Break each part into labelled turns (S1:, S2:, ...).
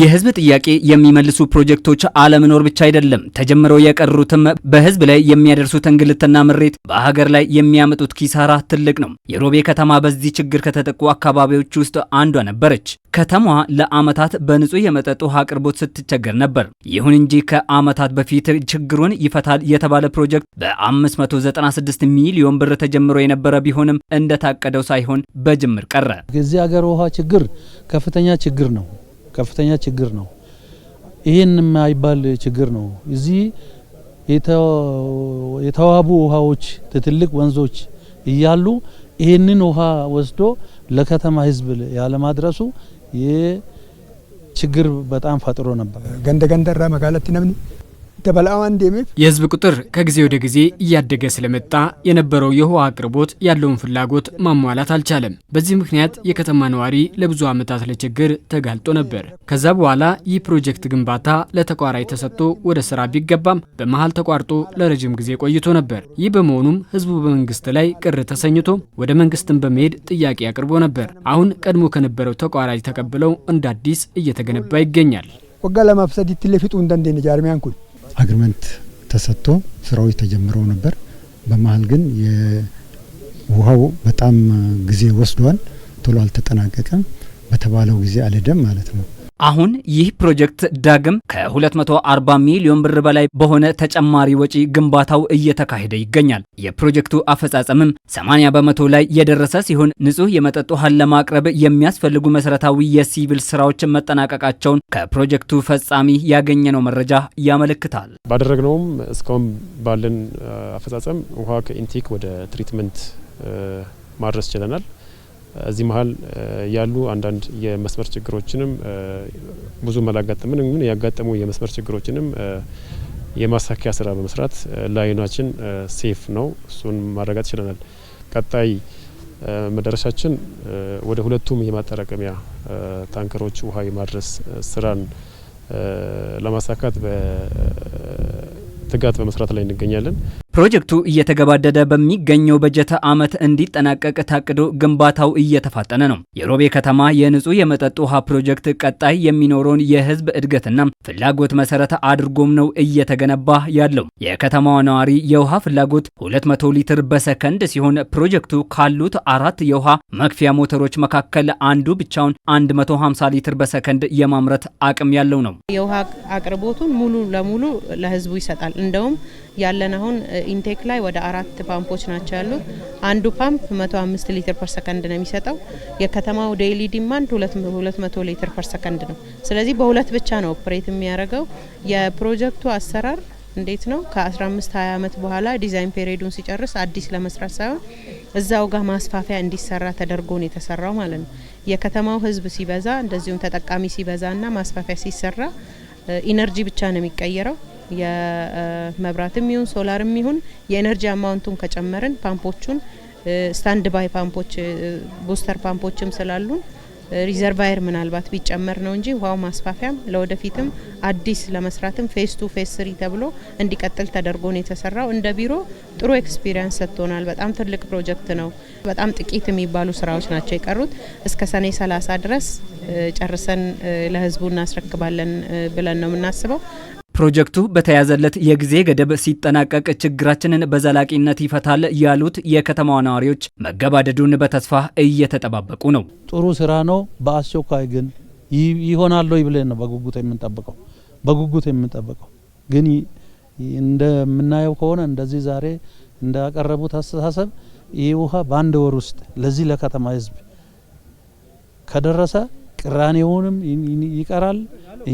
S1: የህዝብ ጥያቄ የሚመልሱ ፕሮጀክቶች አለመኖር ብቻ አይደለም። ተጀምረው የቀሩትም በህዝብ ላይ የሚያደርሱት እንግልትና ምሬት፣ በሀገር ላይ የሚያመጡት ኪሳራ ትልቅ ነው። የሮቤ ከተማ በዚህ ችግር ከተጠቁ አካባቢዎች ውስጥ አንዷ ነበረች። ከተማዋ ለአመታት በንጹህ የመጠጥ ውሃ አቅርቦት ስትቸገር ነበር። ይሁን እንጂ ከአመታት በፊት ችግሩን ይፈታል የተባለ ፕሮጀክት በ596 ሚሊዮን ብር ተጀምሮ የነበረ ቢሆንም እንደታቀደው ሳይሆን በጅምር ቀረ።
S2: የዚህ ሀገር ውሃ ችግር ከፍተኛ ችግር ነው። ከፍተኛ ችግር ነው። ይህን የማይባል ችግር ነው። እዚህ የተዋቡ ውሃዎች ትትልቅ ወንዞች እያሉ ይህንን ውሃ ወስዶ ለከተማ ህዝብ ያለማድረሱ ይህ ችግር በጣም ፈጥሮ ነበር።
S3: ገንደ ገንደራ መጋለቲ ነምኒ የህዝብ
S1: ቁጥር ከጊዜ ወደ ጊዜ እያደገ ስለመጣ የነበረው የውሃ አቅርቦት ያለውን ፍላጎት ማሟላት አልቻለም። በዚህ ምክንያት የከተማ ነዋሪ ለብዙ ዓመታት ለችግር ተጋልጦ ነበር። ከዛ በኋላ ይህ ፕሮጀክት ግንባታ ለተቋራጭ ተሰጥቶ ወደ ስራ ቢገባም በመሀል ተቋርጦ ለረጅም ጊዜ ቆይቶ ነበር። ይህ በመሆኑም ህዝቡ በመንግስት ላይ ቅር ተሰኝቶ ወደ መንግስትን በመሄድ ጥያቄ አቅርቦ ነበር። አሁን ቀድሞ ከነበረው ተቋራጭ ተቀብለው እንደ አዲስ እየተገነባ ይገኛል።
S3: ወጋ ለማፍሰድ ትለፊጡ እንደንዴ ነጃርሚያን
S2: አግሪመንት ተሰጥቶ ስራዎች ተጀምረው ነበር። በመሀል ግን ውሃው በጣም ጊዜ ወስዷል። ቶሎ አልተጠናቀቀም። በተባለው ጊዜ አልሄደም ማለት ነው።
S1: አሁን ይህ ፕሮጀክት ዳግም ከ240 ሚሊዮን ብር በላይ በሆነ ተጨማሪ ወጪ ግንባታው እየተካሄደ ይገኛል። የፕሮጀክቱ አፈጻጸምም 80 በመቶ ላይ የደረሰ ሲሆን ንጹህ የመጠጥ ውሃን ለማቅረብ የሚያስፈልጉ መሰረታዊ የሲቪል ስራዎችን መጠናቀቃቸውን ከፕሮጀክቱ ፈጻሚ ያገኘነው መረጃ ያመለክታል።
S4: ባደረግነውም እስካሁን ባለን አፈጻጸም ውሃ ከኢንቴክ ወደ ትሪትመንት ማድረስ ችለናል። እዚህ መሀል ያሉ አንዳንድ የመስመር ችግሮችንም ብዙ መላጋጠምን ግን ያጋጠሙ የመስመር ችግሮችንም የማሳኪያ ስራ በመስራት ላይናችን ሴፍ ነው፣ እሱን ማረጋት ችለናል። ቀጣይ መዳረሻችን ወደ ሁለቱም የማጠራቀሚያ ታንከሮች ውሃ የማድረስ ስራን ለማሳካት በትጋት በመስራት ላይ እንገኛለን።
S1: ፕሮጀክቱ እየተገባደደ በሚገኘው በጀት ዓመት እንዲጠናቀቅ ታቅዶ ግንባታው እየተፋጠነ ነው። የሮቤ ከተማ የንጹህ የመጠጥ ውሃ ፕሮጀክት ቀጣይ የሚኖረውን የህዝብ እድገትና ፍላጎት መሰረት አድርጎም ነው እየተገነባ ያለው። የከተማዋ ነዋሪ የውሃ ፍላጎት 200 ሊትር በሰከንድ ሲሆን ፕሮጀክቱ ካሉት አራት የውሃ መክፊያ ሞተሮች መካከል አንዱ ብቻውን 150 ሊትር በሰከንድ የማምረት አቅም ያለው ነው።
S5: የውሃ አቅርቦቱን ሙሉ ለሙሉ ለህዝቡ ይሰጣል። እንደውም ያለን አሁን ኢንቴክ ላይ ወደ አራት ፓምፖች ናቸው ያሉት። አንዱ ፓምፕ 105 ሊትር ፐር ሰከንድ ነው የሚሰጠው። የከተማው ዴይሊ ዲማንድ 200 ሊትር ፐር ሰከንድ ነው። ስለዚህ በሁለት ብቻ ነው ኦፕሬት የሚያደርገው። የፕሮጀክቱ አሰራር እንዴት ነው? ከ15 20 ዓመት በኋላ ዲዛይን ፔሪዱን ሲጨርስ አዲስ ለመስራት ሳይሆን እዛው ጋር ማስፋፊያ እንዲሰራ ተደርጎ ነው የተሰራው ማለት ነው። የከተማው ህዝብ ሲበዛ እንደዚሁም ተጠቃሚ ሲበዛና ማስፋፊያ ሲሰራ ኢነርጂ ብቻ ነው የሚቀየረው። የመብራትም ይሁን ሶላርም ይሁን የኤነርጂ አማውንቱን ከጨመርን ፓምፖቹን ስታንድ ባይ ፓምፖች ቡስተር ፓምፖችም ስላሉን ሪዘርቫየር ምናልባት ቢጨመር ነው እንጂ ውሃው ማስፋፊያም ለወደፊትም አዲስ ለመስራትም ፌስ ቱ ፌስ ስሪ ተብሎ እንዲቀጥል ተደርጎ ነው የተሰራው። እንደ ቢሮ ጥሩ ኤክስፒሪየንስ ሰጥቶናል። በጣም ትልቅ ፕሮጀክት ነው። በጣም ጥቂት የሚባሉ ስራዎች ናቸው የቀሩት። እስከ ሰኔ 30 ድረስ ጨርሰን ለህዝቡ እናስረክባለን ብለን ነው የምናስበው።
S1: ፕሮጀክቱ በተያዘለት የጊዜ ገደብ ሲጠናቀቅ ችግራችንን በዘላቂነት ይፈታል ያሉት የከተማዋ ነዋሪዎች መገባደዱን በተስፋ እየተጠባበቁ ነው።
S2: ጥሩ ስራ ነው። በአስቸኳይ ግን ይሆናል ብለን ነው በጉጉት የምንጠብቀው በጉጉት የምንጠብቀው ግን እንደምናየው ከሆነ እንደዚህ ዛሬ እንዳቀረቡት አስተሳሰብ ይህ ውሃ በአንድ ወር ውስጥ ለዚህ ለከተማ ህዝብ ከደረሰ ቅራኔውንም ይቀራል፣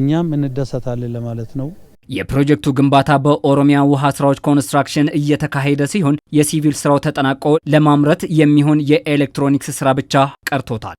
S2: እኛም እንደሰታለን ለማለት ነው።
S1: የፕሮጀክቱ ግንባታ በኦሮሚያ ውሃ ስራዎች ኮንስትራክሽን እየተካሄደ ሲሆን የሲቪል ስራው ተጠናቆ ለማምረት የሚሆን የኤሌክትሮኒክስ ስራ ብቻ ቀርቶታል።